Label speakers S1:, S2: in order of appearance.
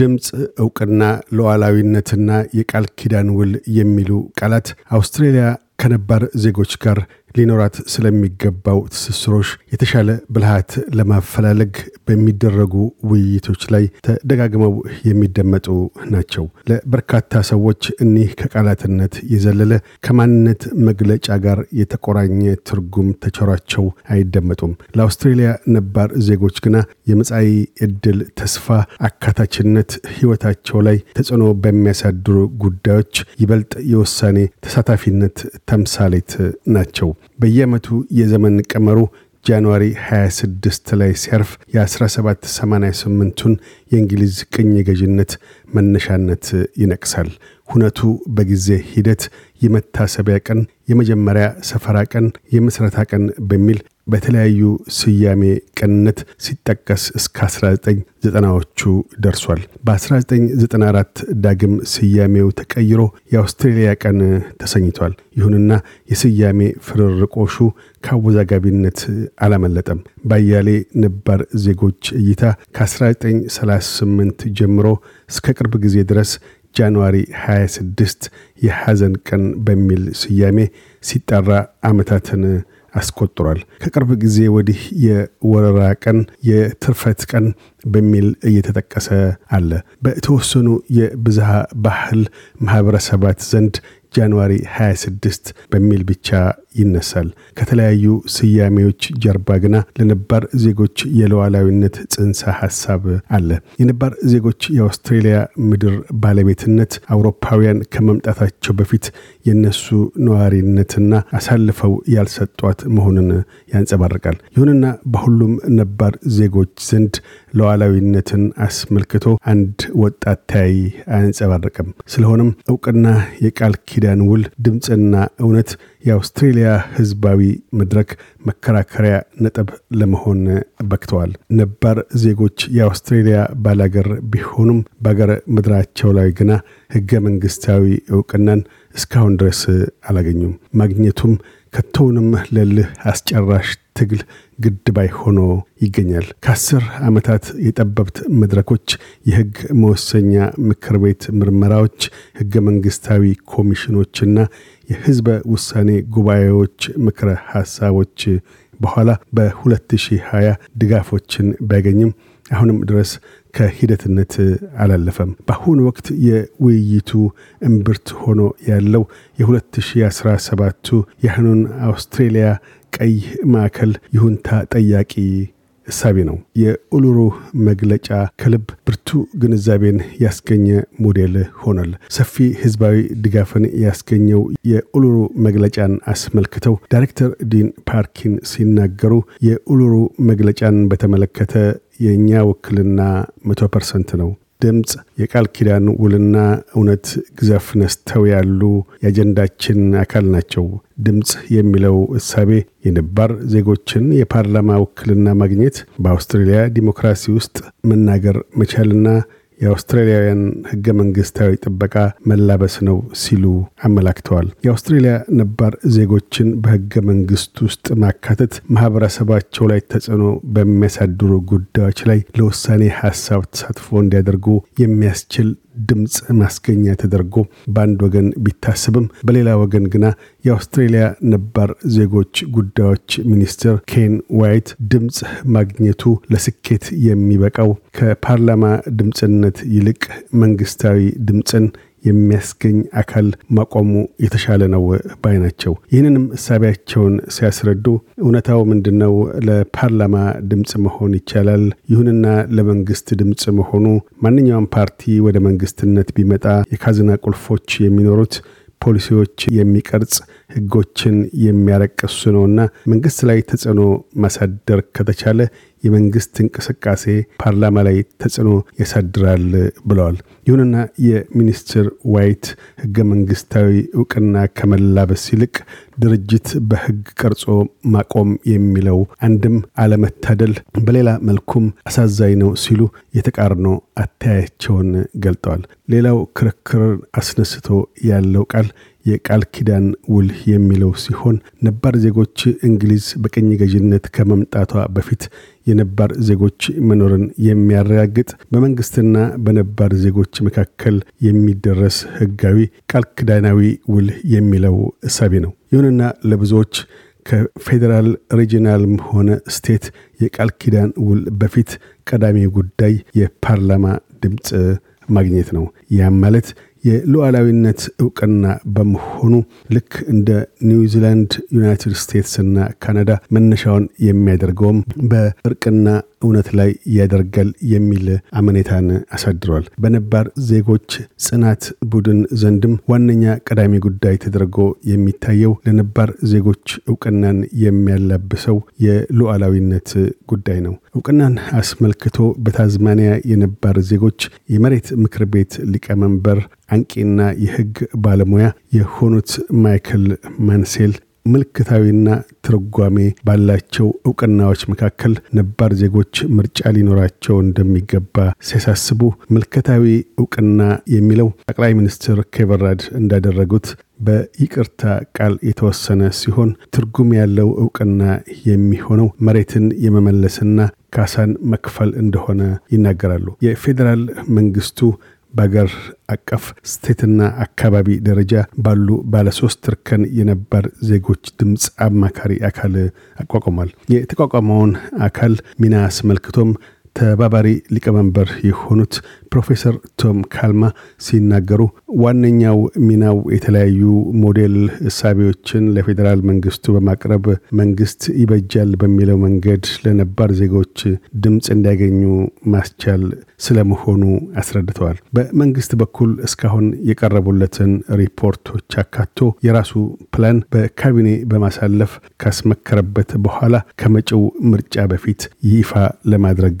S1: ድምፅ፣ እውቅና ሉዓላዊነትና የቃል ኪዳን ውል የሚሉ ቃላት አውስትሬልያ ከነባር ዜጎች ጋር ሊኖራት ስለሚገባው ትስስሮች የተሻለ ብልሃት ለማፈላለግ በሚደረጉ ውይይቶች ላይ ተደጋግመው የሚደመጡ ናቸው። ለበርካታ ሰዎች እኒህ ከቃላትነት የዘለለ ከማንነት መግለጫ ጋር የተቆራኘ ትርጉም ተቸሯቸው አይደመጡም። ለአውስትሬልያ ነባር ዜጎች ግና የመጻኢ ዕድል ተስፋ፣ አካታችነት ሕይወታቸው ላይ ተጽዕኖ በሚያሳድሩ ጉዳዮች ይበልጥ የውሳኔ ተሳታፊነት ተምሳሌት ናቸው። በየዓመቱ የዘመን ቀመሩ ጃንዋሪ 26 ላይ ሲያርፍ የ1788ቱን የእንግሊዝ ቅኝ ገዥነት መነሻነት ይነቅሳል። ሁነቱ በጊዜ ሂደት የመታሰቢያ ቀን፣ የመጀመሪያ ሰፈራ ቀን፣ የምስረታ ቀን በሚል በተለያዩ ስያሜ ቅንነት ሲጠቀስ እስከ 1990ዎቹ ደርሷል። በ1994 ዳግም ስያሜው ተቀይሮ የአውስትሬልያ ቀን ተሰኝቷል። ይሁንና የስያሜ ፍርርቆሹ ከአወዛጋቢነት አላመለጠም። ባያሌ ነባር ዜጎች እይታ ከ1938 ጀምሮ እስከ ቅርብ ጊዜ ድረስ ጃንዋሪ 26 የሐዘን ቀን በሚል ስያሜ ሲጠራ ዓመታትን አስቆጥሯል። ከቅርብ ጊዜ ወዲህ የወረራ ቀን፣ የትርፈት ቀን በሚል እየተጠቀሰ አለ። በተወሰኑ የብዝሃ ባህል ማህበረሰባት ዘንድ ጃንዋሪ 26 በሚል ብቻ ይነሳል። ከተለያዩ ስያሜዎች ጀርባ ግና ለነባር ዜጎች የለዋላዊነት ጽንሰ ሀሳብ አለ። የነባር ዜጎች የአውስትሬሊያ ምድር ባለቤትነት አውሮፓውያን ከመምጣታቸው በፊት የነሱ ነዋሪነትና አሳልፈው ያልሰጧት መሆኑን ያንጸባርቃል። ይሁንና በሁሉም ነባር ዜጎች ዘንድ ሉዓላዊነትን አስመልክቶ አንድ ወጣት ታይ አያንጸባርቅም። ስለሆነም እውቅና የቃል ኪዳን ውል ድምፅና እውነት የአውስትሬልያ ህዝባዊ መድረክ መከራከሪያ ነጥብ ለመሆን በክተዋል። ነባር ዜጎች የአውስትሬልያ ባላገር ቢሆኑም በአገር ምድራቸው ላይ ግና ህገ መንግስታዊ እውቅናን እስካሁን ድረስ አላገኙም። ማግኘቱም ከቶውንም ለልህ አስጨራሽ ትግል ግድባይ ሆኖ ይገኛል። ከአስር ዓመታት የጠበብት መድረኮች፣ የህግ መወሰኛ ምክር ቤት ምርመራዎች፣ ህገ መንግስታዊ ኮሚሽኖችና የህዝበ ውሳኔ ጉባኤዎች ምክረ ሐሳቦች በኋላ በ2020 ድጋፎችን ባያገኝም አሁንም ድረስ ከሂደትነት አላለፈም። በአሁኑ ወቅት የውይይቱ እምብርት ሆኖ ያለው የ2017ቱ የአሁኑን አውስትሬሊያ ቀይ ማዕከል ይሁንታ ጠያቂ እሳቤ ነው። የኡሉሩ መግለጫ ከልብ ብርቱ ግንዛቤን ያስገኘ ሞዴል ሆኗል። ሰፊ ህዝባዊ ድጋፍን ያስገኘው የኡሉሩ መግለጫን አስመልክተው ዳይሬክተር ዲን ፓርኪን ሲናገሩ የኡሉሩ መግለጫን በተመለከተ የእኛ ውክልና መቶ ፐርሰንት ነው ድምፅ የቃል ኪዳን ውልና እውነት ግዛፍ ነስተው ያሉ የአጀንዳችን አካል ናቸው። ድምፅ የሚለው እሳቤ የነባር ዜጎችን የፓርላማ ውክልና ማግኘት፣ በአውስትራሊያ ዲሞክራሲ ውስጥ መናገር መቻልና የአውስትራሊያውያን ህገ መንግስታዊ ጥበቃ መላበስ ነው ሲሉ አመላክተዋል። የአውስትሬሊያ ነባር ዜጎችን በህገ መንግስት ውስጥ ማካተት ማህበረሰባቸው ላይ ተጽዕኖ በሚያሳድሩ ጉዳዮች ላይ ለውሳኔ ሀሳብ ተሳትፎ እንዲያደርጉ የሚያስችል ድምፅ ማስገኛ ተደርጎ በአንድ ወገን ቢታሰብም በሌላ ወገን ግና የአውስትሬሊያ ነባር ዜጎች ጉዳዮች ሚኒስትር ኬን ዋይት ድምፅ ማግኘቱ ለስኬት የሚበቃው ከፓርላማ ድምፅነት ይልቅ መንግስታዊ ድምፅን የሚያስገኝ አካል ማቆሙ የተሻለ ነው ባይ ናቸው። ይህንንም እሳቢያቸውን ሲያስረዱ እውነታው ምንድን ነው? ለፓርላማ ድምፅ መሆን ይቻላል። ይሁንና ለመንግስት ድምፅ መሆኑ ማንኛውም ፓርቲ ወደ መንግስትነት ቢመጣ የካዝና ቁልፎች የሚኖሩት ፖሊሲዎች የሚቀርጽ ህጎችን የሚያረቅሱ ነውና መንግስት ላይ ተጽዕኖ ማሳደር ከተቻለ የመንግስት እንቅስቃሴ ፓርላማ ላይ ተጽዕኖ ያሳድራል ብለዋል። ይሁንና የሚኒስትር ዋይት ህገ መንግስታዊ እውቅና ከመላበስ ይልቅ ድርጅት በህግ ቀርጾ ማቆም የሚለው አንድም አለመታደል፣ በሌላ መልኩም አሳዛኝ ነው ሲሉ የተቃርኖ አተያያቸውን ገልጠዋል። ሌላው ክርክር አስነስቶ ያለው ቃል የቃል ኪዳን ውል የሚለው ሲሆን ነባር ዜጎች እንግሊዝ በቅኝ ገዥነት ከመምጣቷ በፊት የነባር ዜጎች መኖርን የሚያረጋግጥ በመንግስትና በነባር ዜጎች መካከል የሚደረስ ህጋዊ ቃል ክዳናዊ ውል የሚለው እሳቤ ነው። ይሁንና ለብዙዎች ከፌዴራል ሪጂናልም ሆነ ስቴት የቃል ኪዳን ውል በፊት ቀዳሚ ጉዳይ የፓርላማ ድምፅ ማግኘት ነው። ያም ማለት የሉዓላዊነት እውቅና በመሆኑ ልክ እንደ ኒውዚላንድ፣ ዩናይትድ እና ካናዳ መነሻውን የሚያደርገውም በእርቅና እውነት ላይ ያደርጋል የሚል አመኔታን አሳድሯል። በነባር ዜጎች ጽናት ቡድን ዘንድም ዋነኛ ቀዳሚ ጉዳይ ተደርጎ የሚታየው ለነባር ዜጎች እውቅናን የሚያላብሰው የሉዓላዊነት ጉዳይ ነው። እውቅናን አስመልክቶ በታዝማኒያ የነባር ዜጎች የመሬት ምክር ቤት ሊቀመንበር አንቂና የህግ ባለሙያ የሆኑት ማይክል ማንሴል ምልክታዊና ትርጓሜ ባላቸው እውቅናዎች መካከል ነባር ዜጎች ምርጫ ሊኖራቸው እንደሚገባ ሲያሳስቡ ምልክታዊ እውቅና የሚለው ጠቅላይ ሚኒስትር ኬቨራድ እንዳደረጉት በይቅርታ ቃል የተወሰነ ሲሆን ትርጉም ያለው እውቅና የሚሆነው መሬትን የመመለስና ካሳን መክፈል እንደሆነ ይናገራሉ። የፌዴራል መንግስቱ በአገር አቀፍ ስቴትና አካባቢ ደረጃ ባሉ ባለሶስት እርከን የነባር ዜጎች ድምፅ አማካሪ አካል አቋቁሟል። የተቋቋመውን አካል ሚና አስመልክቶም ተባባሪ ሊቀመንበር የሆኑት ፕሮፌሰር ቶም ካልማ ሲናገሩ ዋነኛው ሚናው የተለያዩ ሞዴል እሳቢዎችን ለፌዴራል መንግስቱ በማቅረብ መንግስት ይበጃል በሚለው መንገድ ለነባር ዜጎች ድምፅ እንዲያገኙ ማስቻል ስለመሆኑ አስረድተዋል። በመንግስት በኩል እስካሁን የቀረቡለትን ሪፖርቶች አካቶ የራሱ ፕላን በካቢኔ በማሳለፍ ካስመከረበት በኋላ ከመጪው ምርጫ በፊት ይፋ ለማድረግ